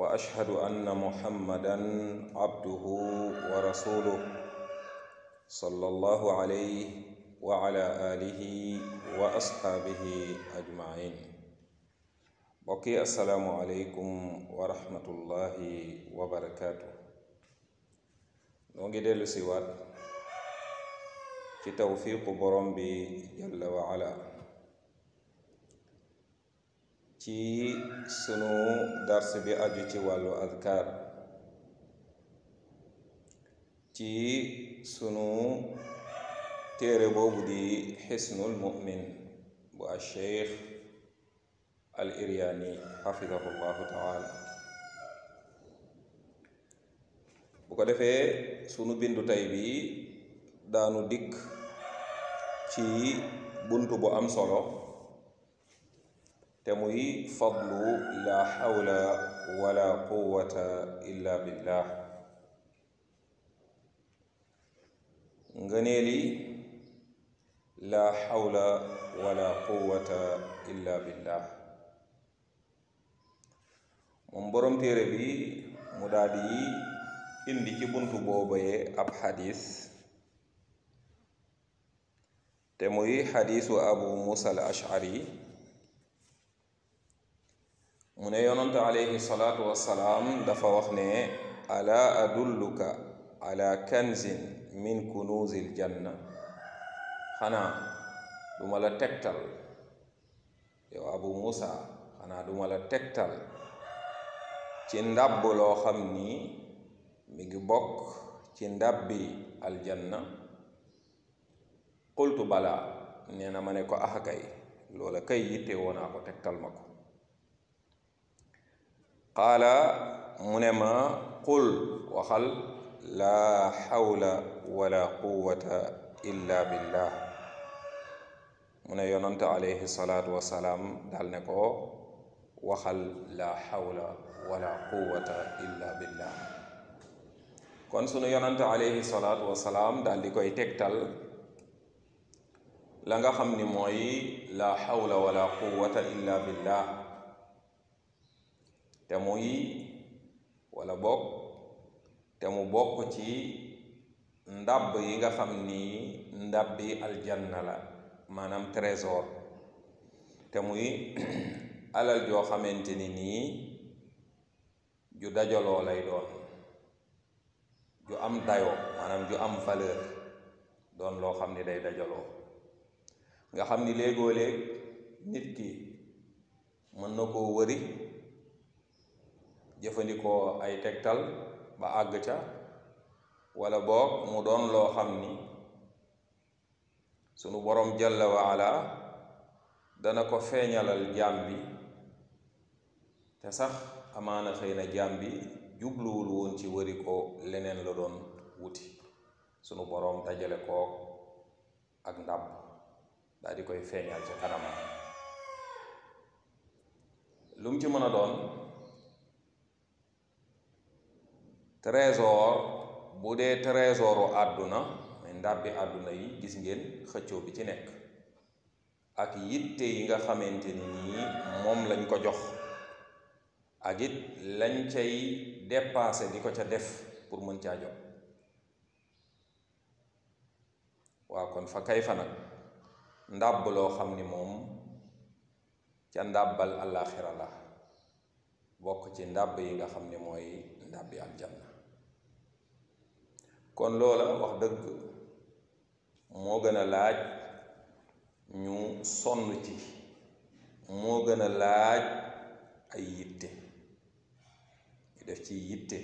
واشهد ان محمدا عبده ورسوله صلى الله عليه وعلى اله واصحابه اجمعين بقي السلام عليكم ورحمه الله وبركاته نوغي ديلو سيوات في توفيق برمبي جل وعلا ci sunu darse bi aju ci wàllu adkaar ci sunu téere boobu di xisnul mumin bu a cheikh al iriani xafidahu llahu taala bu ko defee sunu bindu tey bi daanu dikk ci buntu bu am solo te muy fadlu la xawla wala quwata illa billah ngëneeli la xawla wala quwata illa billah moom boroom bi mu daldi indi ci buntu boobayee ab xadis te muy xadisu abu musa al ashari من يونت عليه الصلاة والسلام دفع وخني ألا أدلك على كنز من كنوز الجنة خنا دمال تكتل يو أبو موسى خنا دمال تكتل تندب لو خمني ميجبوك تندب الجنة قلت بلا نينا منيكو أحكي لولا كي يتي وناكو تكتل مكو قال منما قل وخل لا حول ولا قوة إلا بالله من يننت عليه الصلاة والسلام دالنكو وخل لا حول ولا قوة إلا بالله كون سنو يننت عليه الصلاة والسلام دالنكو يتكتل لنغا خمني موي لا حول ولا قوة إلا بالله te muy wala bokk te mu bokk ci ndàbb yi nga xam ni ndàbbi aljanna la maanaam trésor te muy alal joo xamante ni nii ju dajaloo lay doon ju am dayoo maanaam ju am valeur doon loo xam ni day dajaloo nga xam ni léegoo léeg nit ki mën na koo wëri jëfandikoo ay tegtal ba àgg ca wala boog mu doon loo xam ni sunu borom jalla wa ala dana ko feeñalal jaam bi te sax amaana xëy na jaam bi jubluwul woon ci wari ko leneen la doon wuti sunu borom dajale koo ak ndàbb daal di koy feeñal ca kanamam lum ci mën a doon trésor bu dee trésoru àdduna mooy ndàbbi àdduna yi gis ngeen xëccoo bi ci nekk ak yitte yi nga xamante ni nii moom lañ ko jox ak it lañ cay dépassé di ko ca def pour mën caa jot waaw kon fa kay fa nag ndàbb loo xam ni moom ca ndàbbal àllaaxira la bokk ci ndàbb yi nga xam ni mooy ndàbbi aljanna kon loola wax dëgg moo gën a laaj ñu sonn ci moo gën a laaj ay yitte def ci yitte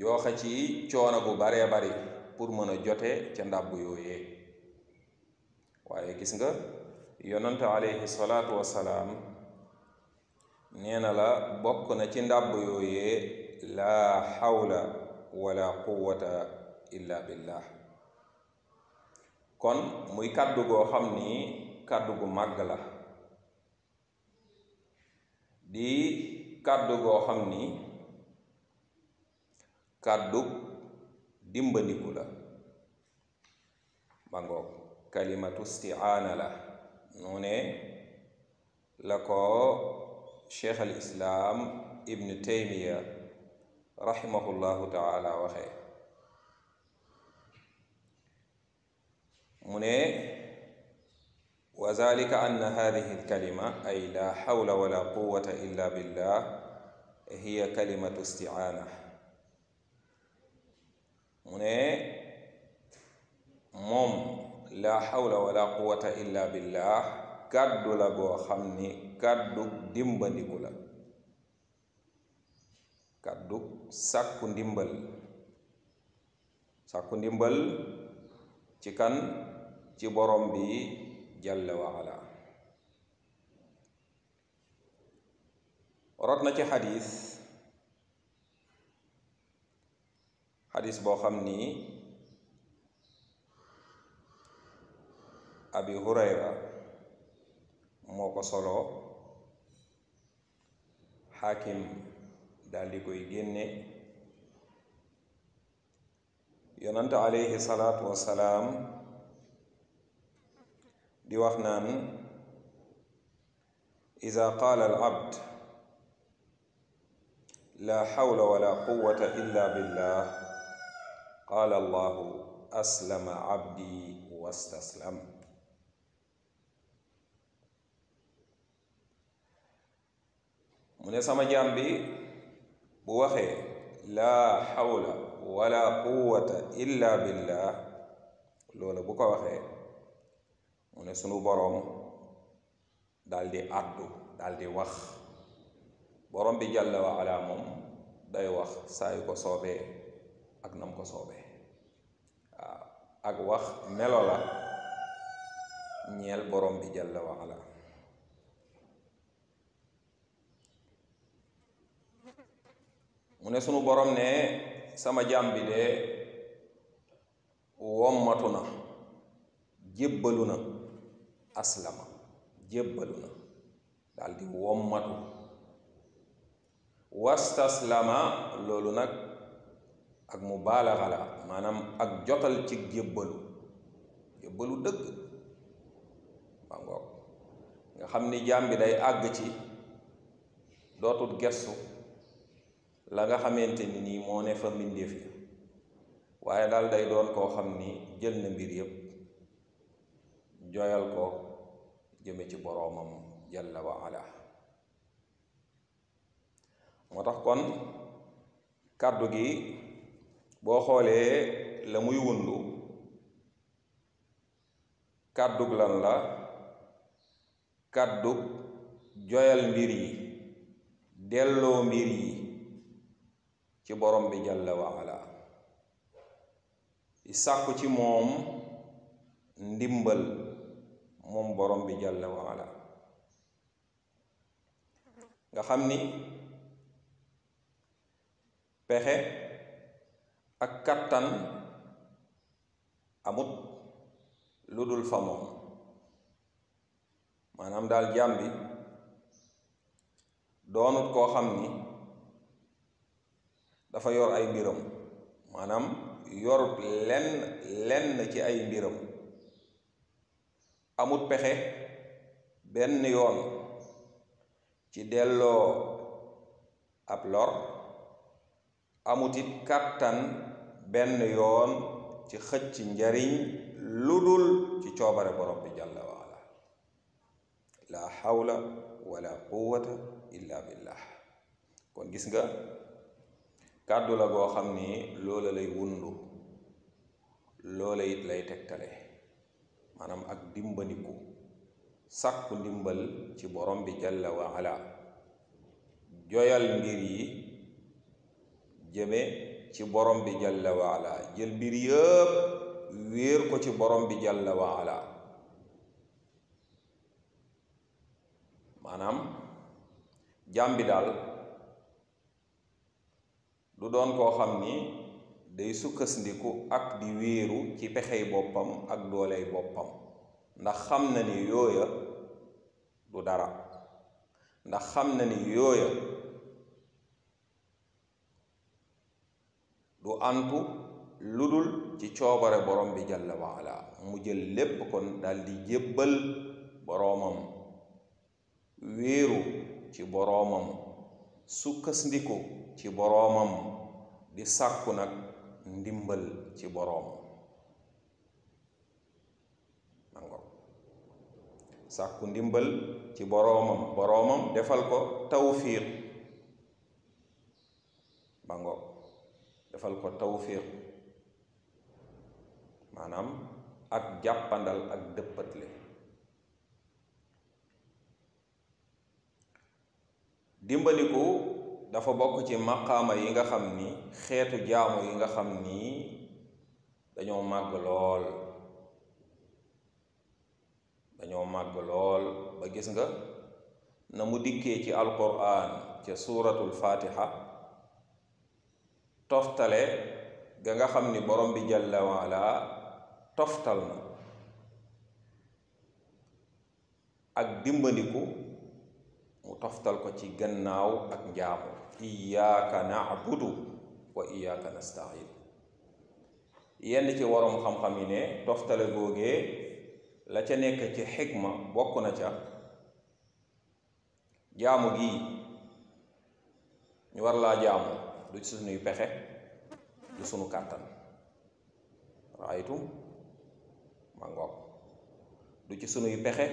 jooxe ci coono bu bare bari pour mën a jote ca ndàbb yooyee waaye gis nga yonent alayhi salaatu wassalaam nee na la bokk na ci ndàbb yooyee laa xaw la wala quwwata illa billah kon muy kàddu goo xam ni kàddu gu màgg la di kàddu goo xam ni kàddu dimbandiku la ba ngoog kalimatu istiaana la noo ne la ko cheikh al islaam ibnu taymiya رحمه الله تعالى وخي من وذلك أن هذه الكلمة أي لا حول ولا قوة إلا بالله هي كلمة استعانة من مم لا حول ولا قوة إلا بالله كد لغو خمني كد دمبني كلك Kaduk sakku ndimbal sakku ndimbal ci kan ci borom bi jalla wa ala rot na ci hadith hadith bo xamni ni abi hurayra moko solo hakim دال ديكوي ген يونت عليه الصلاه والسلام دي واخنان اذا قال العبد لا حول ولا قوه الا بالله قال الله اسلم عبدي واستسلم من سما جامبي بوخي لا حول ولا قوة إلا بالله لولا بوكا وخي وني سنو بروم دال دي أدو دال دي وخ بروم بي جل وعلا موم داي وخ سايو كو صوبي أك نم كو صوبي آه، أك وخ ملولا نيال بروم بي جل وعلا موم mu ne sunu borom ne sama jaam bi de wommatu na jébbalu na aslama jébbalu na daldi wommatu wastaslama loolu nag ak mu baalaxa maanaam ak jotal ci jébbalu jébbalu dëgg nga xam ni jaam bi day àgg ci dootul gestu la nga xamante ni nii moo ne fa mbindeef yi waaye daal day doon koo xam ni jël na mbir yépp jooyal ko jëme ci boroomam jël wa ala moo tax kon kàddu gi boo xoolee la muy wundu kàddug la kàddug joyal mbir yi delloo mbir yi ci borom bi jàlla wa ala di sàkku ci moom ndimbal moom borom bi jàlla wa ala nga xam ni pexe ak kattan amut lu dul fa moom maanaam daal jàmbi doonut koo xam ni dafa yor ay mbiram manam yor len len ci ay mbiram amut pexe ben yoon ci dello ab lor amut it kàttan ben yoon ci xëcc njariñ ludul ci coobare borom bi jàlla wala la hawla wala quwwata illa billah kon gis nga kàddu la goo xam ni loola lay wundu loola it lay tegtale maanaam ak dimbandiku sàkku ndimbal ci borom bi jalla wa ala joyal mbir yi jëme ci borom bi jalla wa jël mbir yëpp wéer ko ci borom bi jalla wa ala maanaam bi daal lu doon koo xam ni day sukkandiku ak di wéeru ci pexey boppam ak dooley boppam ndax xam na ni yooya du dara ndax xam na ni yooya du antu lu dul ci coobare borom bi jalla waala mu jël lépp kon daldi jébbal boroomam wéeru ci boroomam sukkandiku ci boromam di sakku nak ndimbal ci borom nango sakku ndimbal ci boromam boromam defal ko tawfiq bango defal ko tawfiq manam ak jappandal ak dëppatle dimbaliku dafa bokk ci maqaama yi nga xam ni xeetu jaamu yi nga xam nii dañoo màgg lool dañoo màgg lool ba gis nga na mu dikkee ci alquran ca suuratul fatiha toftale ga nga xam ni borom bi jalla waala toftal na ak dimbandiku toftal ko ci gannaaw ak njaamu iyaaka naabudu wa iyaaka nastain yenn ci waroom xam-xam yi ne toftale googee la ca nekk ci xikma bokk na ca jaamu gi ñu war laa jaamu du sunuy pexe du sunu kàttan raaytum ma ngoog du ci sunuy pexe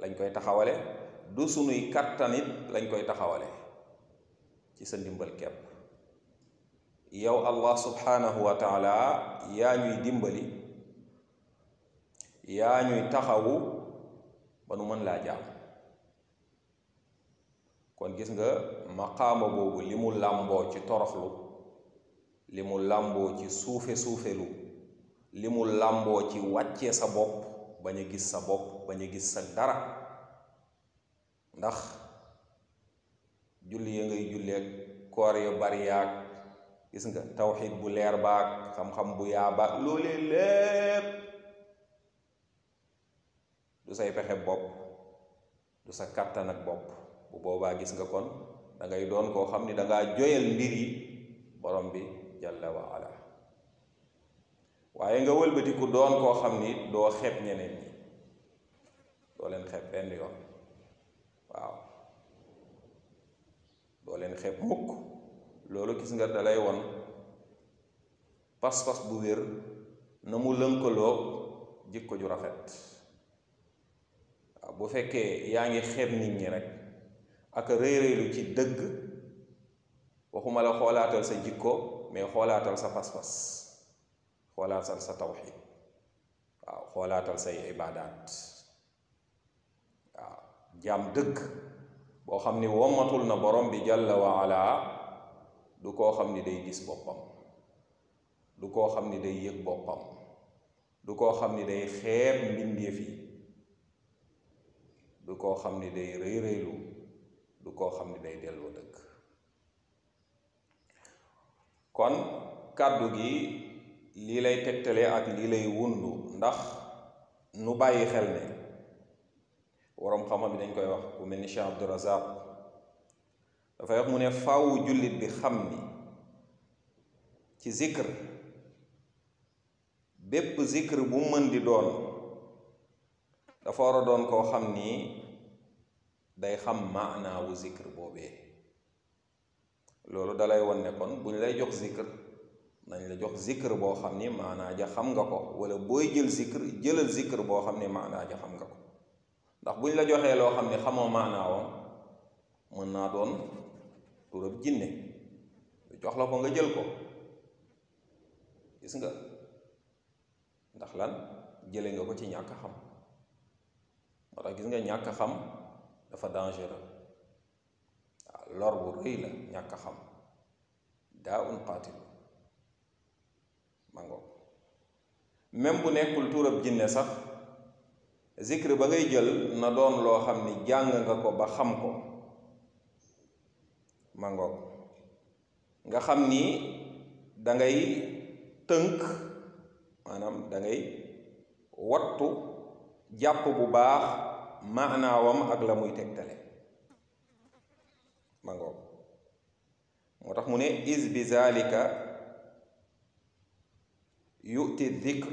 lañ koy taxawale du sunuy kattanit lañ koy taxawale ci sa ndimbal kepp yow allah subhanahu wa taala yaa ñuy dimbali yaa ñuy taxawu ba nu mën laa jaam kon gis nga maqaama boobu li mu làmboo ci toroxlu li mu làmboo ci suufe-suufelu li mu làmboo ci wàccee sa bopp ba ñu gis sa bopp bañ a gis sa dara ndax julli ya ngay julle koor yu ya bari yaag gis nga tawhid bu leer baag xam-xam bu yaa baag loolee lépp du say pexe bopp du sa kàttan ak bopp bu boobaa gis nga kon da ngay doon koo xam ni dangaa joyal mbir yi borom bi jalla wa ala waaye nga wëlbatiku doon koo xam ni doo doa ñeneen ñi doo leen yoon waaw doo leen xeeb mukk loolu gis nga dalay won pas bu wér na mu lënkaloo jikko ju rafet waaw bu fekkee yaa ngi xeeb nit ñi rek ak réy-réylu ci dëgg waxuma la xoolaatal sa jikko mais xoolaatal sa pas-pas xoolaatal sa tawxiid waaw xoolaatal say ibaadaat jaam dëgg boo xam ni wommatul na borom bi jàlla wa ala du ko xamni day gis bopam du ko xamni day yek bopam du ko xamni day xeb minde fi du ko xamni ni day reey rëylu du ko xamni day delo deug kon kàddu gi li lay tektale ak li lay wundu ndax nu bàyyi xel ne waroom xam bi dañ koy wax ku mel ni Cheikh Abdou Razak dafay wax mu ne faawu jullit bi xam ni ci zikr bépp zikr bu mën di doon dafa war a doon koo xam ni day xam maanaawu zikr boobee loolu dalay wan nekkoon bu ñu lay jox zikr nañ la jox zikr boo xam ni maanaa ja xam nga ko wala booy jël zikr jëlal zikr boo xam ni maanaa ja xam nga ko ndax bu ñu la joxee loo xam ne xamoo maanaawam mën naa doon turab jinne lu jox la ko nga jël ko gis nga ndax lan jële nga ko ci ñàkk xam moo tax gis nga ñàkk xam dafa dangereux waaw lor bu rëy la ñàkk xam daa un qatil mango même bu nekkul turab jinne sax zikr ba ngay jël na doon loo xam ni jàng nga ko ba xam ko mangoog nga xam ni dangay tënk maanaam dangay wattu jàpp bu baax maanaawam ak la muy tegtale mangoog moo tax mu ne is bi zalika yu'ti dhikr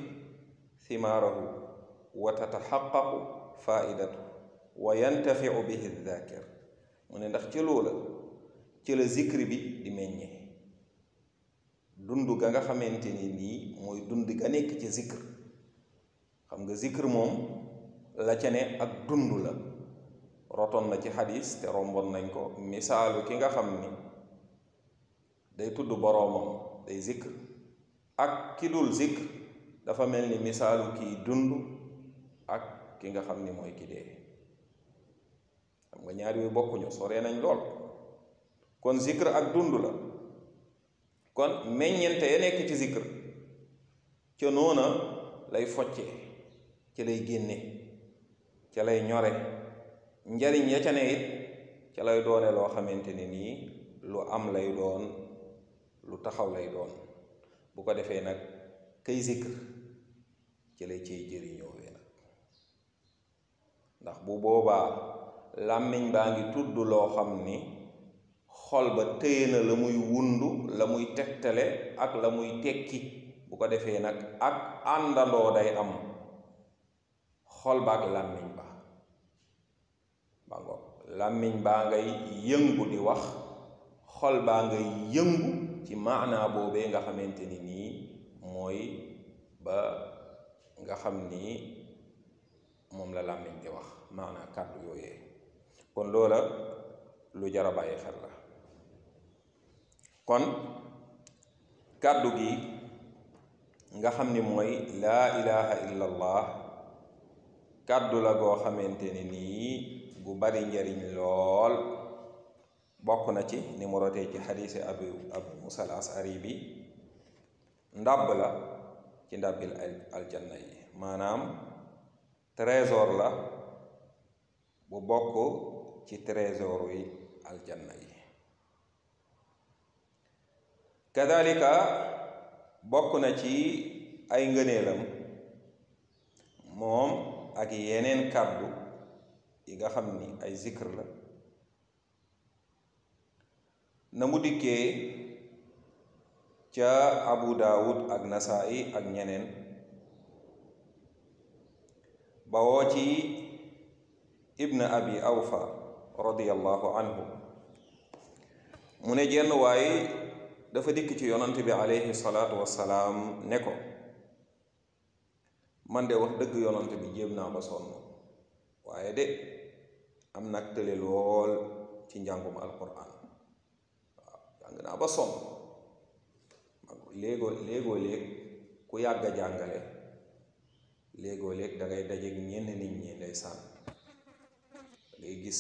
thimaarahu wa tataxaqaqu faidatu wa yantafiu bihi dhaakir mu ne ndax ci loola ci la zikri bi di meññee dund ga nga xamante ni nii mooy dund ga nekk ci zikr xam nga zikr moom la ca ne ak dund la rotoon na ci xadis te romboon nañ ko misaalu ki nga xam ni day tudd boroomam day zikr ak ki dul zikr dafa mel ni misaalu kiy dund ak ki nga xam ni mooy ki dee xam nga ñaar yooyu bokkuñu soree nañ lool kon zikr ak dund la kon meññente nekk ci zikr ca noona lay foccee ci lay génne ca lay ñore njariñ ya ca ne it ca lay doone loo xamante ne nii lu am lay doon lu taxaw lay doon bu ko defee nag kay zikr ci lay ciy jëriñoo ndax bu boobaa làmmiñ baa ngi tudd loo xam ni xol ba téye na la muy wundu la muy tegtale ak la muy tekki bu ko defee nag ak àndandoo day am xol ba ak làmmiñ ba làmmiñ baa ngay yëngu di wax xol baa ngay yëngu ci maanaa boobee nga xamante ni nii mooy ba nga xam nii moom la làmmiñ di wax maanaa kàddu yooyee kon loola lu jar a xel la kon kàddu gi nga xam ni mooy laa ilaha illa kàddu la goo xamante ne nii gu bari njariñ lool bokk na ci ni mu rotee ci xadiisi abu abu musa al asari bi ndàbb la ci ndàbbil aljanna yi maanaam trésor la bu bokk ci trésor yi aljanna yi kadalika bokk na ci ay ngëneelam moom ak yeneen kàddu yi nga xam ni ay zikr la na mu dikkee ca Abu Daawud ak Nasaa'i ak ñeneen bawoo ci ibn abi awfa radiallahu anhu mu ne jenn waay dafa dikk ci yonant bi aleyhi salaatu wasalaam ne ko man de wax dëgg yonant bi jéem naa ba sonn waaye de am nag tële lool ci njàngum alquran waaw jàng naa ba sonn léegoo léegoo léeg ku yàgg a jàngale léegoo léeg da ngay dajeek ñenn nit ñi ndeysaan da dangay gis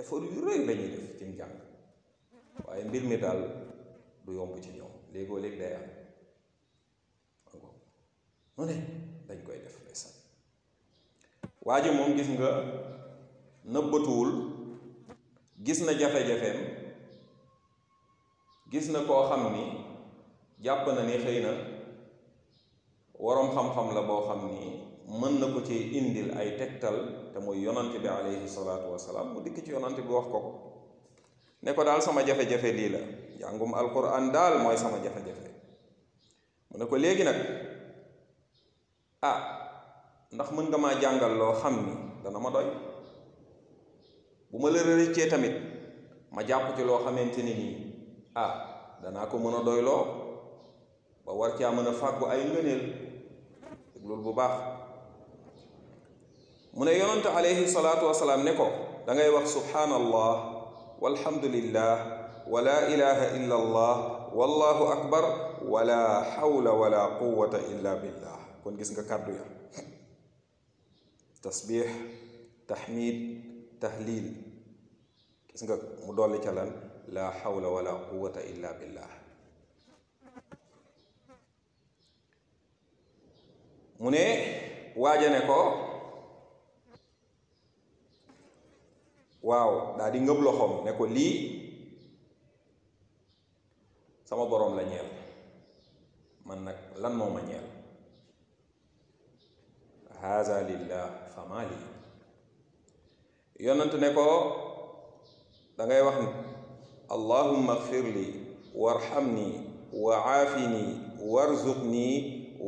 effort yu rëy lañuy def ci njàng waaye mbir mi daal du yomb ci ñoom léegoo léeg day am mu dañ koy def ndeysaan waa ji moom gis nga nëbbatuwul gis na jafe-jafeem gis na koo xam ni jàpp na ni xëy na warom xam-xam la boo xam ni mën ci indil ay tegtal te muy yonante bi alayhi salatu wasalaam mu dikk ci yonante bi wax ko ne ko daal sama jafe-jafe lii la jàngum alquran daal mooy sama jafe-jafe mu ne ko léegi nag ah ndax mën nga maa jàngal loo xam ni dana ma doy bu ma la rëccee tamit ma jàpp ci loo xamante ni nii ah danaa ko mën a doy lo? ba war caa mën a ay ngëneel loolu bu baax mu ne yonante alayhi salaatu wasalaam ne ko da ngay wax subhaanallah walhamdulillah wa la ilaha illa allah wallahu akbar wala hawla wala quwata illa billah kon gis nga kàddu ya tasbix taxmid tahlil gis nga mu dolli ca lan la hawla wala quwata illa billah mu ne waaja ne ko waaw daal di ngëb loxoom ne ko lii sama boroom la ñeel man nag lan moo ma ñeel haza lillah fama lii yonent ne ko da ngay wax ni allahumma xfir li warxamni wa aafini warzuqni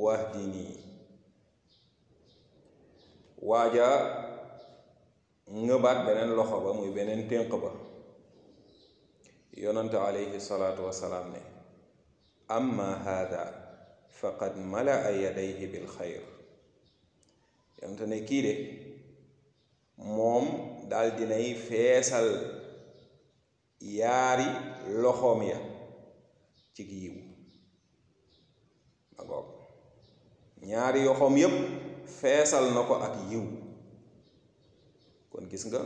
wahdini waja ngebat benen loxo ba muy benen ténq ba yonanta alayhi salaatu wasalaam ne amma hada faqad malaa yadayhi bil khair yonanta ne kii de moom daal dinay feesal yaari loxoom ya ci yiw ma ngoog ñaari yoxoom yépp feesal na ko ak yiw kon gis nga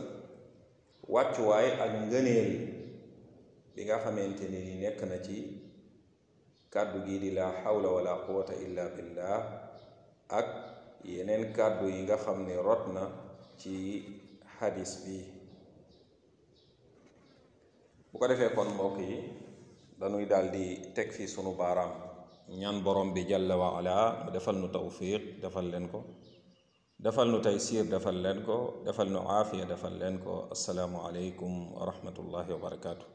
wàccuwaay ak ngëneel bi nga xamante ni nekk na ci kàddu gi di la xawla wala quwata illa billah ak yeneen kàddu yi nga xam ni rot na ci xadiis bi bu ko defee kon mbokk yi dañuy daldi teg fi sunu baaraam ñaan borom bi jalla wa ala mu defal nu tawfiq defal leen ko defal nu taysiir defal leen ko defal nu aafiya defal leen ko asalaamu aleykum wa rahmatullahi wa barakaatu.